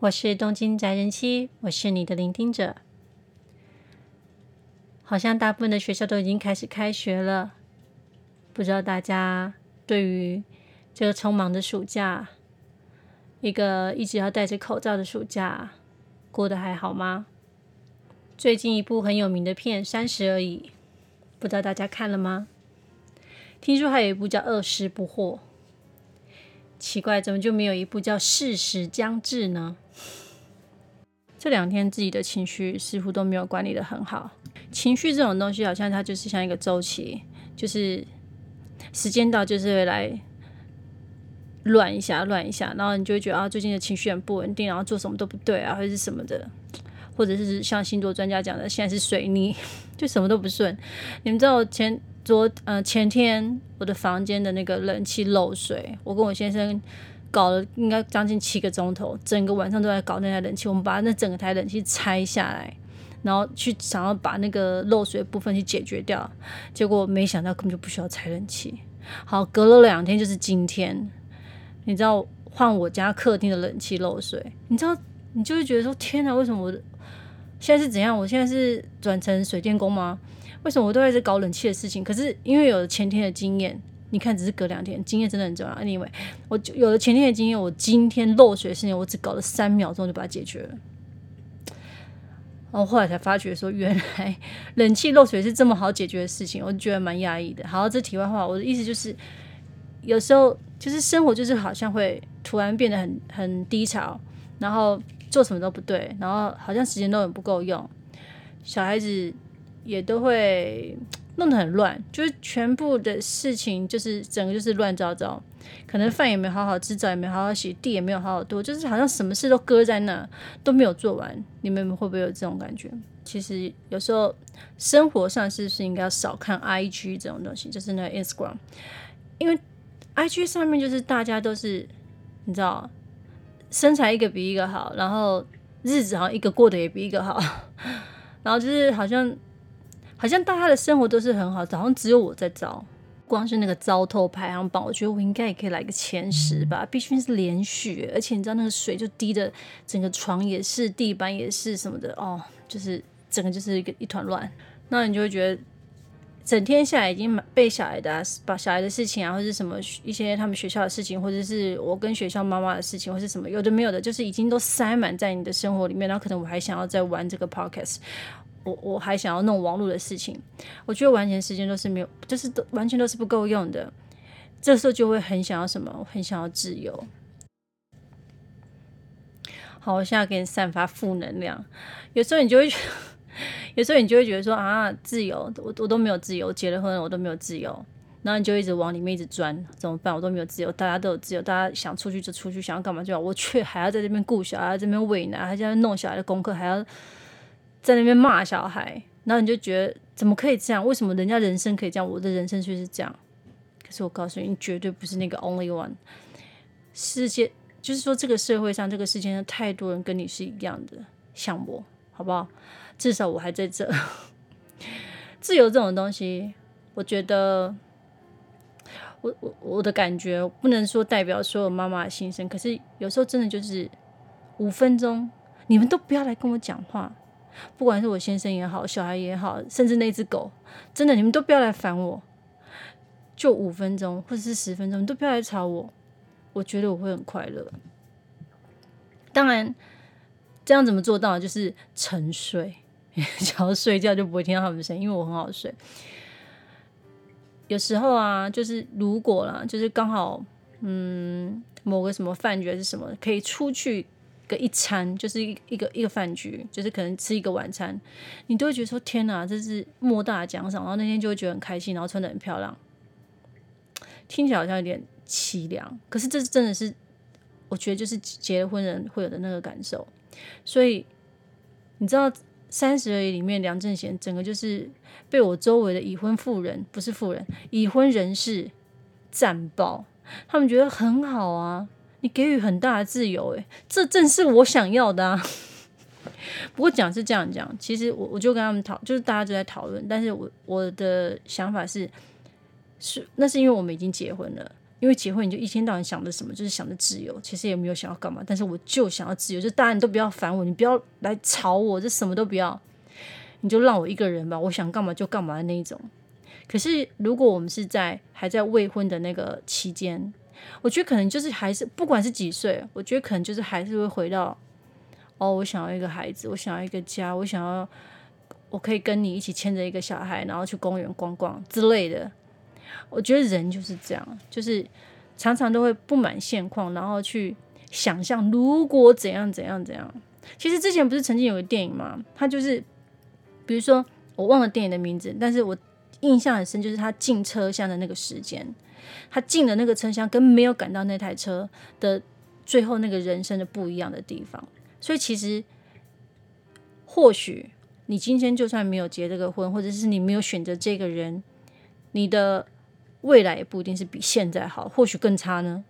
我是東京宅人妻，我是你的聆聽者。好像大部分的學校都已經開始開學了，不知道大家對於這個匆忙的暑假，一個一直要戴着口罩的暑假，過得還好嗎？最近一部很有名的片《三十而已》，不知道大家看了嗎？聽說還有一部叫《二十不惑》，奇怪，怎麼就沒有一部叫《四十將至》呢？這兩天自己的情緒似乎都沒有管理的很好。情緒這種東西，好像它就是像一個週期，就是時間到就是會來亂一下，亂一下，然後你就會覺得啊，最近的情緒很不穩定，然後做什麼都不對啊，或者是什麼的，或者是像星座專家講的，現在是水逆，就什麼都不順。你們知道我前昨呃，前天我的房間的那個冷氣漏水，我跟我先生。搞了應該將近七個鐘頭，整個晚上都在搞那台冷氣。我們把那整個台冷氣拆下來，然後去想要把那個漏水部分去解決掉。結果沒想到根本就不需要拆冷氣。好，隔了兩天就是今天，你知道換我家客廳的冷氣漏水，你知道你就會覺得說天吶，為什麼我現在是怎樣？我現在是轉成水電工嗎？為什麼我都在這搞冷氣的事情？可是因為有了前天的經驗。你看，只是隔兩天，經驗真的很重要。另 y 我就有了前天的經驗，我今天漏水的事情，我只搞了三秒鐘就把它解決了。然後後來才發覺，說原來冷氣漏水是這麼好解決的事情，我覺得蠻壓抑的。好，這題外話，我的意思就是，有時候就是生活就是好像會突然變得很很低潮，然後做什麼都不對，然後好像時間都很不夠用，小孩子也都會。弄得很亂，就是全部的事情，就是整個就是亂糟糟。可能飯也沒好好吃，澡也沒好好洗，地也沒有好好拖，就是好像什麼事都擱在那，都沒有做完。你們會不會有這種感覺？其實有時候生活上是不是應該要少看 IG 這種東西，就是那 Instagram，因為 IG 上面就是大家都是你知道，身材一個比一個好，然後日子好像一個過得也比一個好，然後就是好像。好像大家的生活都是很好，早上只有我在糟。光是那個糟透排行榜，我覺得我應該也可以來個前十吧，必須是連續。而且你知道那個水就滴的，整個床也是，地板也是什麼的哦，就是整個就是一個一團亂。那你就會覺得，整天下來已經被小孩的把、啊、小孩的事情啊，或者是什麼一些他們學校的事情，或者是我跟學校媽媽的事情，或者是什麼有的沒有的，就是已經都塞滿在你的生活裡面。然後可能我還想要再玩這個 podcast 我我還想要弄網絡的事情，我覺得完全時間都是沒有，就是都完全都是不夠用的。這個時候就會很想要什麼，很想要自由。好，我現在給你散發負能量。有時候你就會，有時候你就會覺得說啊，自由，我我都沒有自由，結了婚了我都沒有自由。然後你就一直往裡面一直鑽，怎麼辦？我都沒有自由，大家都有自由，大家想出去就出去，想要幹嘛就要。我卻還要在這邊顧小孩，這邊為難，還要弄小孩的功課，還要。在那邊罵小孩，然後你就覺得怎麼可以這樣？為什麼人家人生可以這樣，我的人生卻是這樣？可是我告訴你，你絕對不是那個 only one。世界就是說，這個社會上，這個世界上太多人跟你是一樣的，像我，好不好？至少我還在這。 自由這種東西，我覺得，我我我的感覺，不能說代表所有媽媽的心聲。可是有時候真的就是五分鐘，你們都不要來跟我講話。不管是我先生也好，小孩也好，甚至那隻狗，真的，你們都不要來煩我，就五分鐘或者是十分鐘，都不要來吵我，我覺得我會很快樂。當然，這樣怎麼做到？就是沉睡，然後睡覺就不會聽到他們的聲音，因為我很好睡。有時候啊，就是如果啦，就是剛好，嗯，某個什麼飯局還是什麼，可以出去。個一餐就是一個一個一個飯局，就是可能吃一個晚餐，你都會覺得說，天哪，這是莫大的獎賞。然後那天就會覺得很開心，然後穿得很漂亮，聽起來好像有點悽涼。可是這是真的是，我覺得就是結了婚人會有的那個感受。所以你知道《三十而已》裡面梁正賢整個就是被我周圍的已婚婦人，不是婦人，已婚人士讚爆，他們覺得很好啊。你給予很大的自由，誒，這正是我想要的啊。 不過講是這樣講，其實我我就跟他們討，就是大家就在討論。但是我我的想法是，是那是因為我們已經結婚了，因為結婚你就一天到晚想著什麼，就是想着自由，其實也沒有想要幹嘛。但是我就想要自由，就大家你都不要煩我，你不要來吵我，這什麼都不要，你就讓我一個人吧，我想幹嘛就幹嘛的那一種。可是如果我們是在還在未婚的那個期間。我覺得可能就是還是，不管是幾歲，我覺得可能就是還是會回到，哦，我想要一個孩子，我想要一個家，我想要，我可以跟你一起牽着一個小孩，然後去公園逛逛之類的。我覺得人就是這樣，就是常常都會不滿現況，然後去想象如果怎樣怎樣怎樣。其實之前不是曾經有個電影嘛，它就是，比如說我忘了電影的名字，但是我。印象很深，就是他進車廂的那個時間，他進的那個車廂跟沒有趕到那台車的最後那個人生的不一樣的地方。所以其實，或許你今天就算沒有結這個婚，或者是你沒有選擇這個人，你的未來也不一定是比現在好，或許更差呢？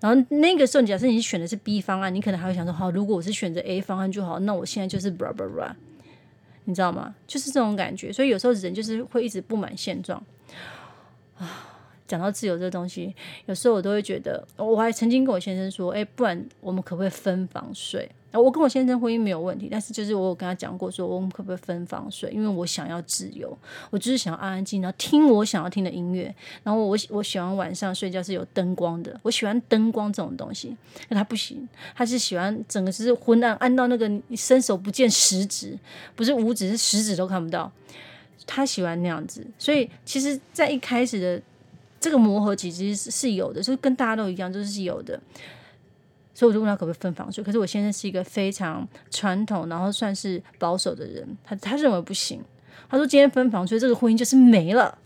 然後那個時候，假設你選的是 B 方案，你可能還會想說：好，如果我是選擇 A 方案就好，那我現在就是 bra bra bra 你知道嗎？就是這種感覺，所以有時候人就是會一直不滿現狀，啊。講到自由這個東西，有時候我都會覺得，我還曾經跟我先生說：“誒、欸，不然我們可不可以分房睡？”我跟我先生婚姻沒有問題，但是就是我有跟他講過，說我們可不可以分房睡？因為我想要自由，我就是想要安安靜靜，然後聽我想要聽的音樂。然後我我喜歡晚上睡覺是有燈光的，我喜歡燈光這種東西。那他不行，他是喜歡整個是昏暗，暗到那個伸手不見十指，不是五指，是十指都看不到。他喜歡那樣子，所以其實，在一開始的。這個磨合其實是，是有的，就是跟大家都一樣，就是是有的，所以我就問他可不可以分房睡。可是我先生是一個非常傳統，然後算是保守的人，他他認為不行，他說今天分房睡，這個婚姻就是沒了。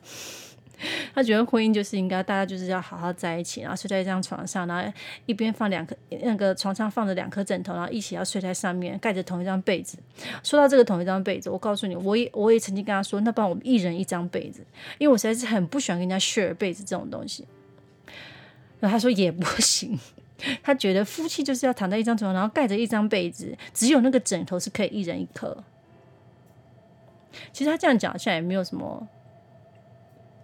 他覺得婚姻就是應該大家就是要好好在一起，然後睡在一張床上，然後一邊放兩顆那個床上放着兩顆枕頭，然後一起要睡在上面，蓋着同一張被子。說到這個同一張被子，我告訴你，我也我也曾經跟他說，那不然我們一人一張被子，因為我實在是很不喜歡跟人家 share 被子這種東西。然後他說也不行，他覺得夫妻就是要躺在一張床上，然後蓋着一張被子，只有那個枕頭是可以一人一顆。其實他這樣講起來也沒有什麼。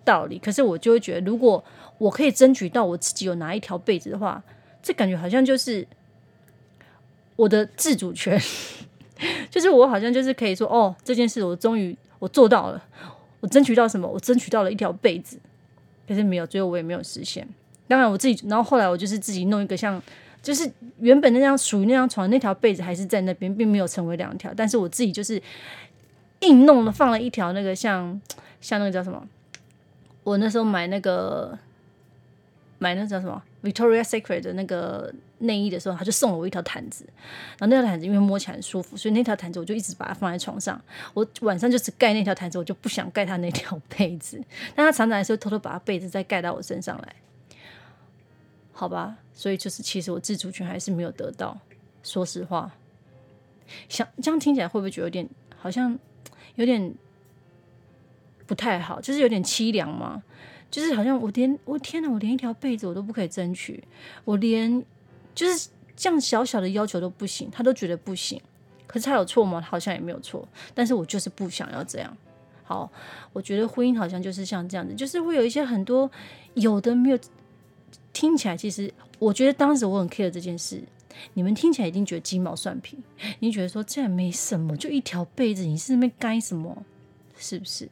道理，可是我就會覺得，如果我可以爭取到我自己有拿一條被子的話，這感覺好像就是我的自主權， 就是我好像就是可以說，哦，這件事我終於我做到了，我爭取到什麼？我爭取到了一條被子。可是沒有，最後我也沒有實現。當然，我自己，然後後來我就是自己弄一個像，就是原本那張屬於那張床那條被子還是在那邊，並沒有成為兩條，但是我自己就是硬弄了，放了一條那個像像那個叫什麼？我那時候買那個買那叫什麼 Victoria Secret 的那個內衣的時候，他就送了我一條毯子。然後那條毯子因為摸起來很舒服，所以那條毯子我就一直把它放在床上。我晚上就只蓋那條毯子，我就不想蓋他那條被子。但他常常還是會偷偷把他被子再蓋到我身上來，好吧？所以就是其實我自主權還是沒有得到。說實話，想這樣聽起來會不會覺得有點好像有點？不太好，就是有點淒涼嘛，就是好像我連我天吶，我連一條被子我都不可以爭取，我連就是這樣小小的要求都不行，他都覺得不行。可是他有錯嗎？他好像也沒有錯，但是我就是不想要這樣。好，我覺得婚姻好像就是像這樣子，就是會有一些很多有的沒有，聽起來其實我覺得當時我很 care 這件事，你們聽起來一定覺得雞毛蒜皮，你覺得說，這也沒什麼，就一條被子，你是在那邊蓋什麼，是不是？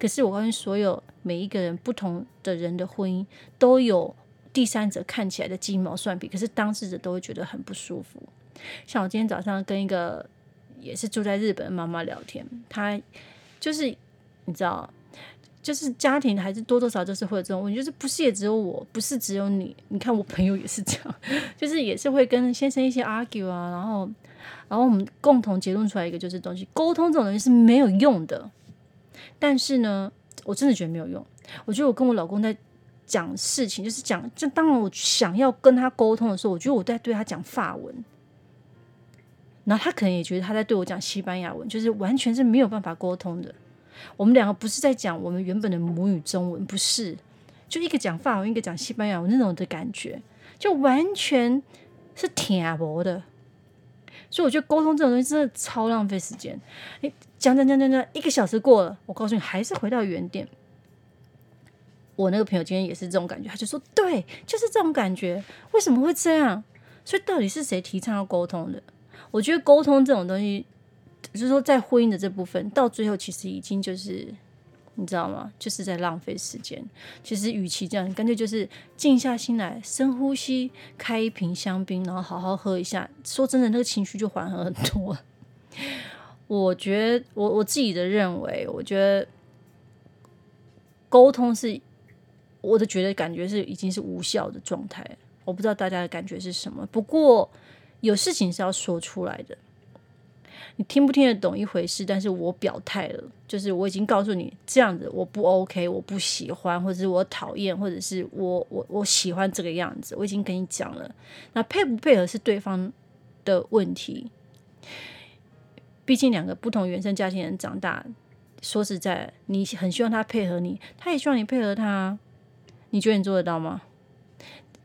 可是我發現所有每一個人不同的人的婚姻都有第三者看起來的雞毛蒜皮，可是當事者都會覺得很不舒服。像我今天早上跟一個也是住在日本的媽媽聊天，她就是你知道，就是家庭的還是多多少少就是會有這種問題，就是不是也只有我，不是只有你。你看我朋友也是這樣，就是也是會跟先生一些 argue 啊，然後然後我們共同結論出來一個就是東西，溝通這種東西是沒有用的。但是呢，我真的覺得沒有用。我覺得我跟我老公在講事情，就是講，這當然我想要跟他溝通的時候，我覺得我在對他講法文，然後他可能也覺得他在對我講西班牙文，就是完全是沒有辦法溝通的。我們兩個不是在講我們原本的母語中文，不是，就一個講法文，一個講西班牙文那種的感覺，就完全是聽不懂的。所以我覺得溝通這種東西真的超浪費時間。誒。講講講講講，一個小時過了，我告訴你還是回到原點。我那個朋友今天也是這種感覺，他就說：“對，就是這種感覺，為什麼會這樣？所以到底是誰提倡要溝通的？我覺得溝通這種東西，就是說在婚姻的這部分，到最後其實已經就是你知道嗎？就是在浪費時間。其實與其這樣，乾脆就是靜下心來，深呼吸，開一瓶香檳，然後好好喝一下。說真的，那個情緒就緩和很多了。”我覺得，我我自己的認為，我覺得溝通是，我都覺得感覺是已經是無效的狀態。我不知道大家的感覺是什麼。不過有事情是要說出來的，你聽不聽得懂一回事，但是我表態了，就是我已經告訴你這樣子我不 OK，我不喜歡，或者是我討厭，或者是我我我喜歡這個樣子，我已經跟你講了。那配不配合是對方的問題。畢竟兩個不同原生家庭人長大，說實在，你很希望他配合你，他也希望你配合他。你覺得你做得到嗎？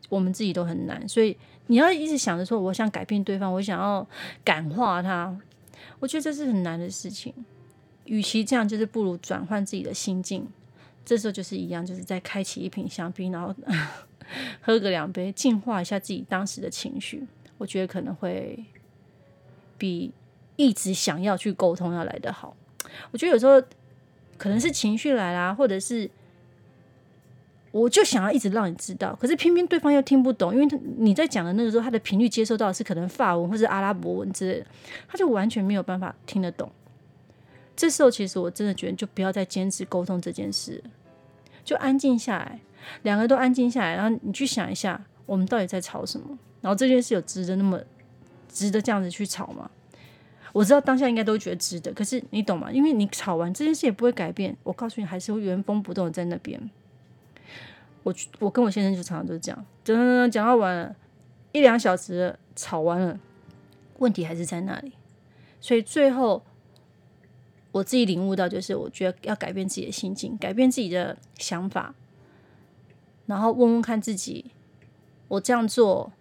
我們自己都很難，所以你要一直想着說，我想改變對方，我想要感化他。我覺得這是很難的事情。與其這樣，就是不如轉換自己的心境。這時候就是一樣，就是再開啟一瓶香檳，然後呵呵，喝個兩杯，淨化一下自己當時的情緒。我覺得可能會比。一直想要去溝通，要來得好。我覺得有時候可能是情緒來啦，或者是我就想要一直讓你知道，可是偏偏對方又聽不懂，因為他你在講的那個時候，他的頻率接收到的是可能法文或者阿拉伯文之類的，他就完全沒有辦法聽得懂。這時候，其實我真的覺得就不要再堅持溝通這件事，就安靜下來，兩個都安靜下來，然後你去想一下，我們到底在吵什麼？然後這件事有值得那麼值得這樣子去吵嗎？我知道當下應該都覺得值得，可是你懂嗎？因為你吵完這件事也不會改變。我告訴你，還是會原封不動的在那邊。我我跟我先生就常常都是這樣，講講講講到完了一兩小時，吵完了，問題還是在那裡。所以最後我自己領悟到，就是我覺得要改變自己的心情，改變自己的想法，然後問問看自己，我這樣做，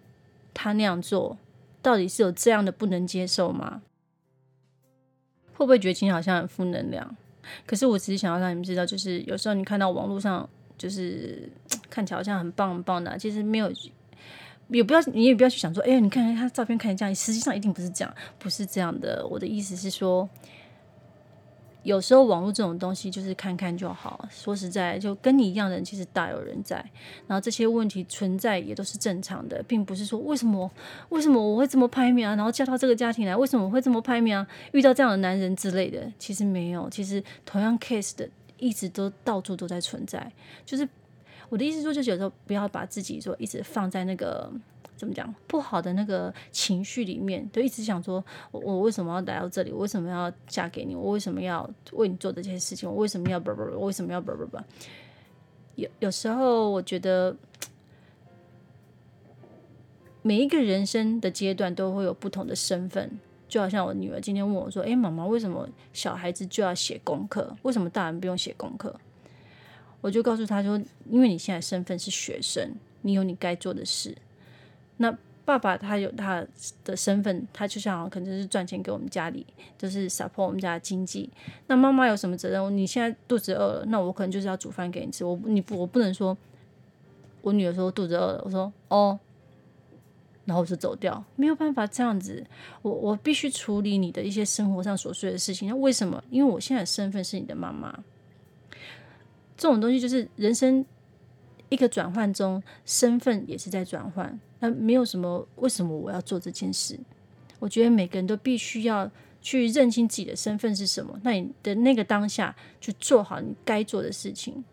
他那樣做，到底是有這樣的不能接受嗎？會不會覺得今天好像很負能量？可是我只是想要讓你們知道，就是有時候你看到網絡上，就是看起來好像很棒很棒的、啊，其實沒有，也不要你也不要去想說，哎呀，你看看他照片看起來這樣，實際上一定不是這樣，不是這樣的。我的意思是說。有時候網絡這種東西就是看看就好，說實在，就跟你一樣的人其實大有人在。然後這些問題存在也都是正常的，並不是說為什麼為什麼我會這麼拍面啊，然後嫁到這個家庭來，為什麼我會這麼拍面啊？遇到這樣的男人之類的，其實沒有，其實同樣 case 的一直都到處都在存在。就是我的意思是說，就是有時候不要把自己說一直放在那個。怎麼講？不好的那個情緒裡面，就一直想說我：“我為什麼要來到這裡？我為什麼要嫁給你？我為什麼要為你做這些事情？我為什麼要……不不不，為什麼要……不不不？有有時候，我覺得每一個人生的階段都會有不同的身份。就好像我女兒今天問我說：“哎、欸，媽媽，為什麼小孩子就要寫功課？為什麼大人不用寫功課？”我就告訴她說：“因為你現在身份是學生，你有你該做的事。”那爸爸他有他的身份，他就想可能就是賺錢給我們家裡，就是 support 我們家的經濟。那媽媽有什麼責任？你現在肚子餓了，那我可能就是要煮飯給你吃。我你不，我不能說。我女兒說肚子餓了，我說哦，然後我就走掉，沒有辦法這樣子。我我必須處理你的一些生活上瑣碎的事情。那為什麼？因為我現在的身份是你的媽媽。這種東西就是人生一個轉換中，身份也是在轉換。那沒有什麼，為什麼我要做這件事？我覺得每個人都必須要去認清自己的身份是什麼。那你的那個當下，去做好你該做的事情。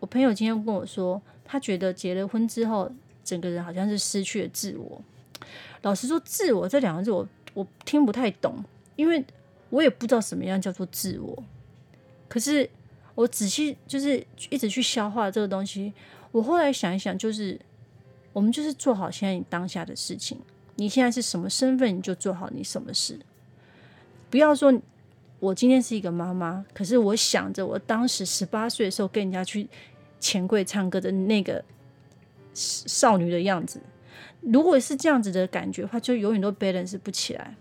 我朋友今天跟我說，他覺得結了婚之後，整個人好像是失去了自我。老實說，自我這兩個字，我我聽不太懂，因為我也不知道什麼樣叫做自我。可是我仔細就是一直去消化這個東西。我後來想一想，就是。我們就是做好現在你當下的事情。你現在是什麼身份，你就做好你什麼事。不要說，我今天是一個媽媽，可是我想着我當時十八歲的時候跟人家去錢櫃唱歌的那個少女的樣子。如果是這樣子的感覺的話，就永遠都 balance 不起來。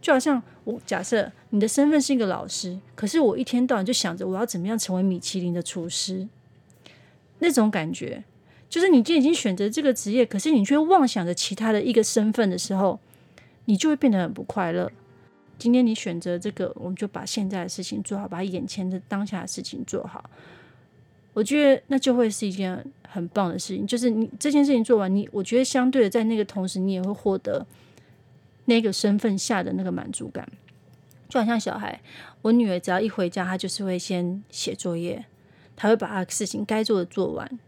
就好像我假設你的身份是一個老師，可是我一天到晚就想着我要怎麼樣成為米其林的廚師，那種感覺。就是你就已經選擇這個職業，可是你卻妄想着其他的一個身份的時候，你就會變得很不快樂。今天你選擇這個，我們就把現在的事情做好，把眼前的當下的事情做好。我覺得那就會是一件很棒的事情。就是你這件事情做完，你我覺得相對的，在那個同時，你也會獲得那個身份下的那個滿足感。就好像小孩，我女兒只要一回家，她就是會先寫作業，她會把她事情該做的做完。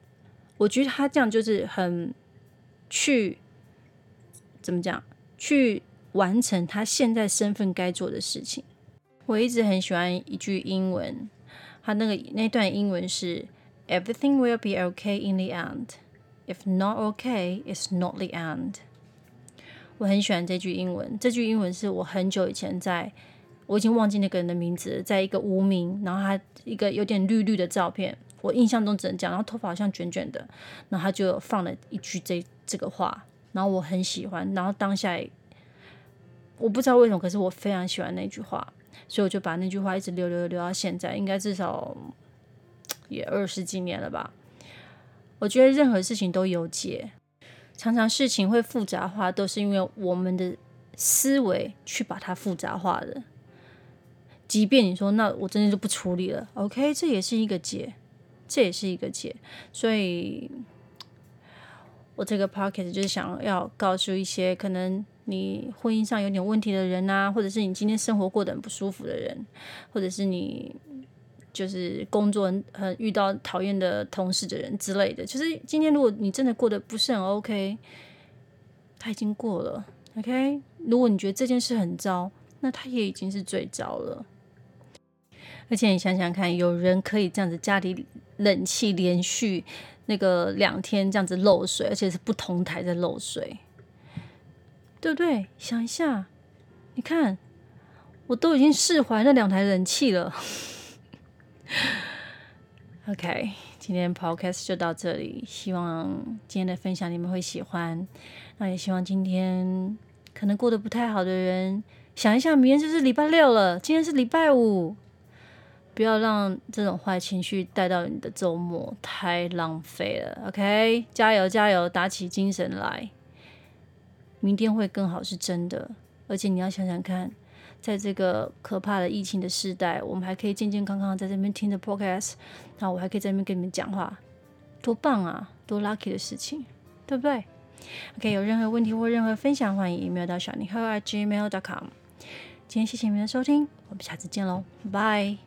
我覺得他這樣就是很去怎麼講，去完成他現在身份該做的事情。我一直很喜歡一句英文，他那個那段英文是 “Everything will be okay in the end. If not okay, it's not the end.” 我很喜歡這句英文。這句英文是我很久以前在，我已經忘記那個人的名字，在一個無名，然後他一個有點綠綠的照片。我印象中只能講，然後頭髮好像捲捲的，然後他就放了一句這這個話，然後我很喜歡，然後當下我不知道為什麼，可是我非常喜歡那句話，所以我就把那句話一直留留留到現在，應該至少也二十幾年了吧。我覺得任何事情都有解，常常事情會複雜化，都是因為我們的思維去把它複雜化的。即便你說那我真的就不處理了，OK，這也是一個解。這也是一個結，所以我這個 podcast 就是想要告訴一些可能你婚姻上有點問題的人啊，或者是你今天生活過得很不舒服的人，或者是你就是工作很遇到討厭的同事的人之類的。就是今天如果你真的過得不是很 OK，他已經過了，OK？如果你覺得這件事很糟，那他也已經是最糟了。而且你想想看，有人可以這樣子，家裡冷氣連續那個兩天這樣子漏水，而且是不同台在漏水，對不對？想一下，你看，我都已經釋懷那兩台冷氣了。 OK，今天 podcast 就到這裡，希望今天的分享你們會喜歡。那也希望今天可能過得不太好的人，想一下，明天就是禮拜六了，今天是禮拜五。不要讓這種壞情緒帶到你的周末，太浪費了。OK，加油加油，打起精神來，明天會更好，是真的。而且你要想想看，在這個可怕的疫情的世代，我們還可以健健康康在這邊聽着 Podcast，那我還可以在這邊跟你們講話，多棒啊！多 lucky 的事情，對不對？OK，有任何問題或任何分享，歡迎 email 到小妮荷 at gmail dot com。今天謝謝你們的收聽，我們下次見嘍，拜。